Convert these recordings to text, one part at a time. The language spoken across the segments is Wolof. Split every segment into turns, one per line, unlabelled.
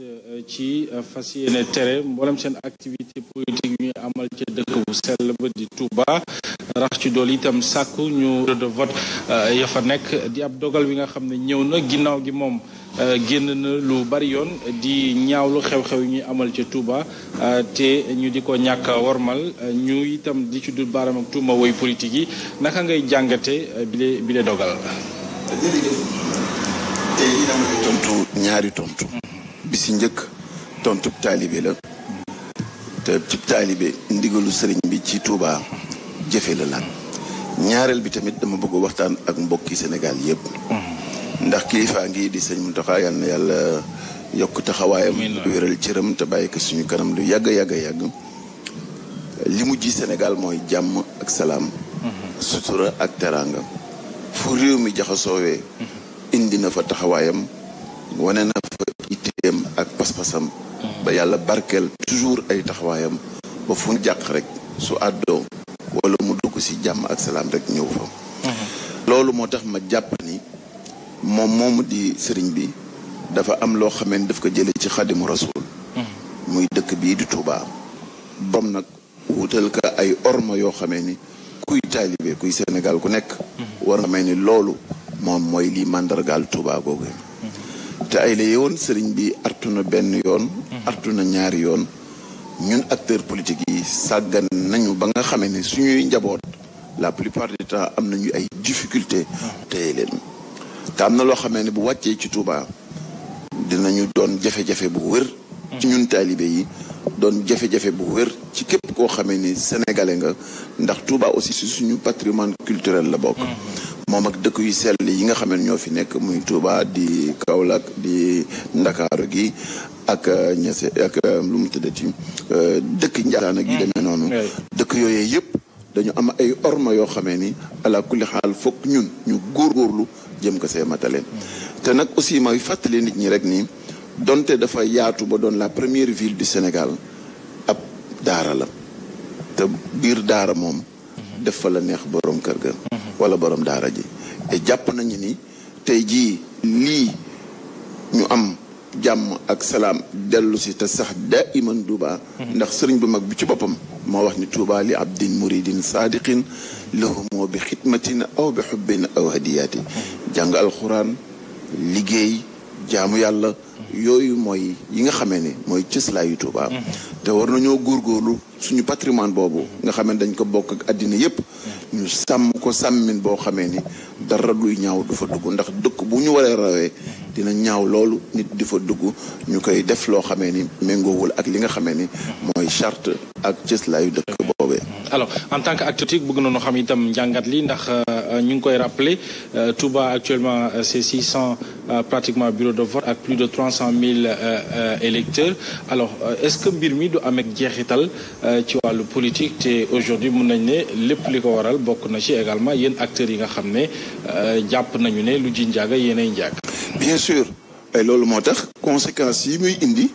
Euh, ci euh, fas yéene tere mboolem seen activité politique yu ñu amal ca dëkk bu sell ba di Touba rax ci dool itam sàkku ñu de vote euh, ya fa nekk di ab dogal wi nga xam ne ñëw na ginnaaw gi moom génn na lu bari yoon di ñaawlu xew-xew yi ñuy amal ca Touba te ñu di ko ñàkk a wormal ñu itam di ci du baaram ak tuuma woy politique yi naka ngay jàngate bi bile dogal.
bi si njëkk tontub taalibe la te cib taalibe ndigalu sëriñ bi ci tuuba jëfe la laaj ñaareel bi tamit dama bëgg waxtaan ak mbokki Sénégal yëpp ndax kilifaa ngi di sëñ Mountakha yal na yàlla yokk taxawaayam wéral cëram te bàyyi ko suñu kanam lu yàgg yàgg yàgg li mu ji Sénégal mooy jàmm ak salaam mhm. sutura ak teraanga fu réew mi jaxasoowee mhm. indi na fa taxawaayam wane yéem ak pas-pasam ba yàlla barkeel toujours ay taxawaayam ba fu mu jàq rek su mu dugg ci jàmm ak salaam rek ñëw mhm. loolu moo tax ma jàpp ni moom moomu di sëriñ bi dafa am loo xamee ni daf ko jële ci xadimu rasul mhm. muy dëkk bii di Touba bam nag wutal ka ay orma yoo xamee ni kuy taalibe kuy Sénégal ku nekk mhm. war xamee ni loolu moom mooy lii màndargaal Touba googu te ay la yeewoon sëriñ bi artu na benn yoon mhm. artu na ñaari yoon ñun acteur politiques yi sàggan nañu ba nga xamee ne suñuy njaboot la plupart du temps am nañu ay difficulté mhm. téye leen te am na loo xamee ne bu wàccee ci Touba dinañu doon jafe bu wér ci ñun doon jafe-jafe bu wër mhm. ci képp koo xamee ni sénégalais nga ndax Touba aussi si suñu patrimoine culturel la bokk moom ak dëkk yu sell yi nga xam ñoo fi nekk muy Touba di Kaolack di Ndakaaru gi ak ñese euh, ak euh, lu mu tëddati euh, dëkk Njaasaan ak yi demee mm. noonu dëkk yooyee yëpp dañu am ay orma yoo xamee ni ala kulli xaal fokk ñun ñu góor góorlu jëm ko see matale mm. te nag aussi may fàttali nit ñi rek nii donte dafa yaatu ba doon la première ville du Sénégal ab daara la te biir daara moom def fa neex boroom kër ga. wala borom daara ji. te jàpp nañu ni tey jii lii ñu am jàmm ak salaam dellu si te sax daa iman Touba. ndax sëriñ bu mag bi ci boppam. moo wax ni Touba li abdin muridin saadiqin lahu moo bi xidmatin aw bi xubbin aw hadiyaati. jàng alxuraan liggéey jaamu yàlla. yooyu mooy yi nga xamee ni mooy cëslaayu Touba. te war nañoo góor góorlu suñu patrimoine boobu nga xamee dañ ko bokk ak àddina yépp mm. ñu sàmm ko sàmmin boo xamee ni dara luy ñaaw du fa dugg ndax dëkk bu ñu waree rawee dina ñaaw loolu nit di fa dugg ñu koy def loo xamee ni méngoowul ak li nga xamee ni mm. mooy charte ak cëslaayu dëkk boobu
alors en tant que actutique bëgg nañu xam itam njàngat li ndax euh, ñu ngi koy rappeler euh, Touba actuellement euh, c'est 600 pratiquement bureau de vote ak plus de 300 000 électeurs alors est-ce que mbir mi du ameek jeexital ci wàllu politique te aujourd'hui mun nañ ne lépp li ko waral bokk na ci également yéen acteurs yi nga xam ne jàpp nañu ne lu ji njaaga yéenay njaag bien sûr loolu moo tax conséquences
yi muy indi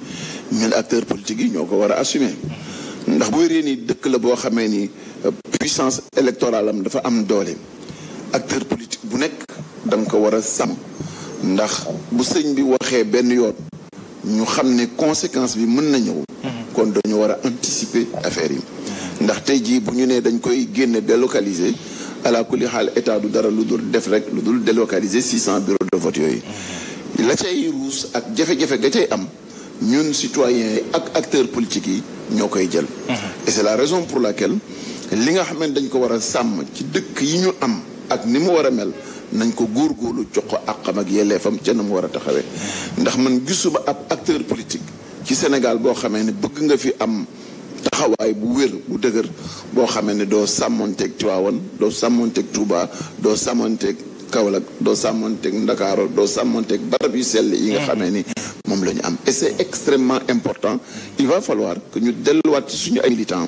ñun acteur politiques yi ñoo ko war a assumer ndax boo réer ni dëkk la boo xamee ni euh, puissance électorale am dafa am doole acteur politique bu nekk da ko war a sàmm ndax bu sëñ bi waxee benn yoon ñu xam ne conséquence bi mën na ñëw mhm. kon dañu war a anticiper affaire yi ndax tey jii bu ñu nee dañ koy génne délocaliser ala kulli xaal état du dara lu dul def rek lu dul délocaliser six cent bureaux de vote yooyu mhm. la cay ruus ak jafe-jafe ga cay am ñun citoyens ak acteurs politiques yi ñoo koy jël. Mhm. et la raison pour la laquelle li nga xamante dañ ko war a sàmm ci dëkk yi ñu am ak ni mu war a mel nañ ko góorgóorlu jox ko àqam ak fam ca na mu war a taxawee. Mhm. ndax man gisuma ab acteur politique ci Sénégal boo xamee ne bëgg nga fi am. taxawaay bu wér bu dëgër boo xamee ne doo sàmmoonteeg Tiwaawan doo sàmmonteeg Touba doo sàmmonteeg Kaolack doo sàmmonteeg Ndakaaro doo sàmmonteeg barab yu sell yi nga mm. xamee ni moom lañu am et c'est extrêmement important il va falloir que ñu delluwaat suñu ay militants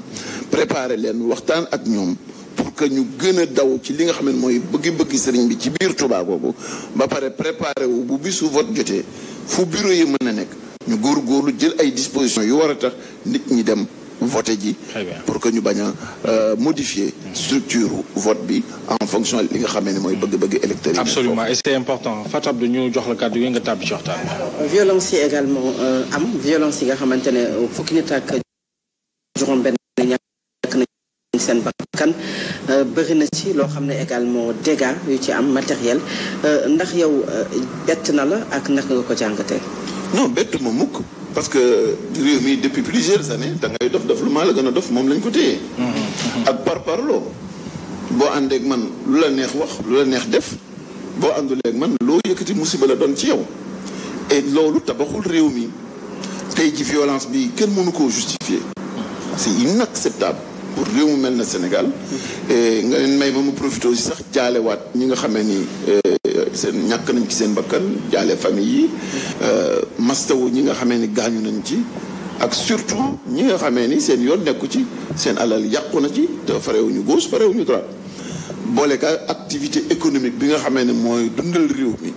préparer leen waxtaan ak ñoom pour que ñu gën a daw ci li nga xam ne mooy bëgg-bëgg sëriñ bi ci biir Touba boobu ba pare préparer wu bu bisu vote jotee fu bureau yi mën a nekk ñu góor góorgóorlu jël ay dispositions yu war a tax nit ñi dem voté ji pour que ñu bañ a euh, modifier structure vote bi en fonction li nga xamee ne mooy mm. bëgg-bëgg électeurs yi absolument et
c'est important ñu jox la kàddu gi nga tàbbi ci waxtaan violence yi également euh, am violence yi nga xamante ne euh, fukki nit ak juróom benn ñàkk nañ
seen bakkan bëri na ci loo xam ne également dégâts yu ci am matériel ndax yow bett na la ak naka nga ko jàngatee non bett ma mukk parce que réew mi depuis plusieurs années da ngay dof dof lu maa la gën a dof moom lañ ko téye. ak par parloo boo àndee man lu la neex wax lu la neex def boo àndulee ak man loo yëkkati musiba la doon ci yow et loolu tabaxul réew mi tey ji violence bi kenn mënu koo justifier c'est inacceptable pour réew mu mel na Sénégal nga leen may ba mu profité si sax jaalewaat ñi nga xamee nii euh, seen ñàkk nañ ci seen bakkan jaale famille yi euh, mastawu ñi nga xamee ni gaañu nañ ci ak surtout ñi nga xamee ni seen yoon nekku ci seen alal yàqu na ci te farewuñu gos farewuñu droite boole ka activité économique bi nga xamee ne mooy dundal réew mi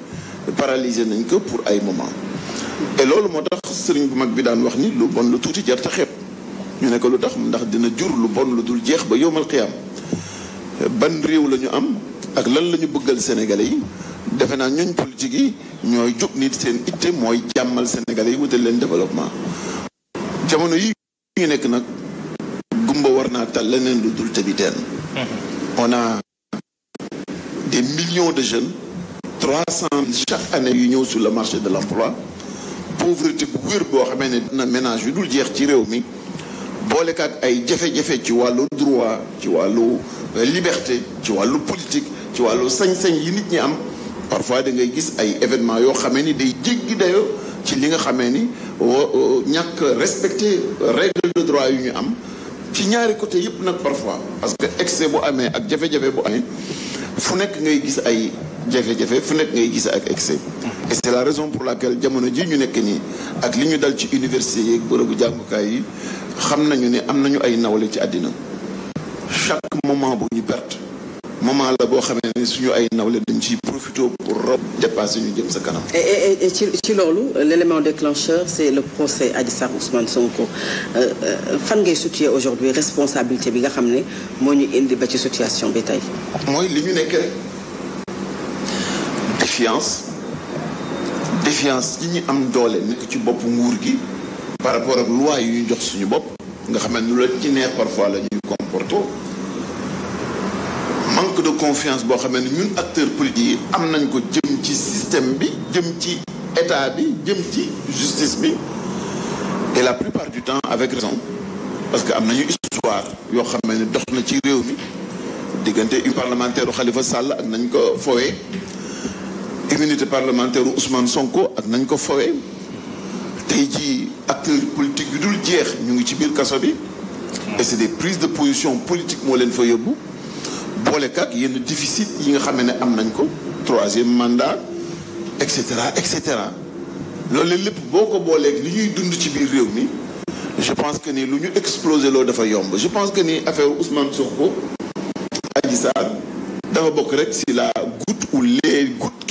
paralysé nañ ko pour ay moment te loolu moo tax sëriñ bu mag bi daan wax ni lu bon lu tuuti jar ta xeeb ñu ne ko lu tax ndax dina jur lu bon lu dul jeex ba yowmal xiyaam ban réew la ñu am ak lan la ñu bëggal sénégalais yi defe naa ñooñ politique yi ñooy jóg nit seen itte mooy jàmmal Sénégalais yi wutal leen développement jamono yi ñu nekk nag gumba war naa tal leneen lu dul tëbi teen mhm. des millions de jeunes trois cent mille chaque année yu ñëw sur le marché de l'emploi pauvreté bu wér boo xamee ne na ménage yu dul jeex ci réew mi boolekaat ay jafe-jafe ci wàllu droit ci wàllu euh, liberté ci wàllu politique ci wàllu sañ-sañ yi nit ñi am parfois da ngay gis ay événement yoo xamee ni day jéggi dayoo ci li nga xamee ni ñàkk respecter règle de droit yu ñu am ci ñaari côté yëpp nag parfois parce que excès bu amee ak jafe-jafe bu amee fu nekk ngay gis ay jafe-jafe fu nekk ngay gis ak excès et c'est la raison pour la laquelle jamono ji ñu nekk nii ak li ñu dal ci université yeeg bërëbu jàngukaay yi xam nañu ni am nañu ay nawle ci àddina chaque moment bu ñu perte moment la boo xamee ni suñu ay nawle dañ ci profité pour rob dépassé ñu jëm sa kanam.
ci ci loolu l'élément déclencheur c'est
le procès Adji Sarr Ousmane Sonko euh, euh, fan ngay situer aujourd'hui responsabilité bi nga xam ne moo ñu indi ba ci situation bi tey. mooy li ñu nekk rek défiance défiance yi ñu am doole nekk ci bopp nguur gi. par rapport ak loi yu ñu jox suñu bopp. nga xam ne lu la ci neex parfois la ñuy manque de confiance boo xamee ne ñun acteurs politiques yi am nañ ko jëm ci système bi jëm ci état bi jëm ci justice bi et la plupart du temps avec raison parce que am nañu histoire yoo xamee ne dox na ci réew mi diggante une parlementaire u Khalifa Sall ak nañ ko foowee immunité parlementaire u Ousmane Sonko ak nañ ko fowee tey ci acteurs politiques yu dul jeex ñu ngi ci biir kaso bi et de des de position politique moo leen fa yóbbu boole kak yenn déficit yi nga xam ne am nañ ko troisième mandat et cetera et cetera loolu lépp boo ko booleek li ñuy dund ci biir réew mi je pense que ni lu ñu explosé loo dafa yomb je pense que ni affaire
Ousmane Sonko Adji Sarr dafa bokk rek si la goutte ou les gouttes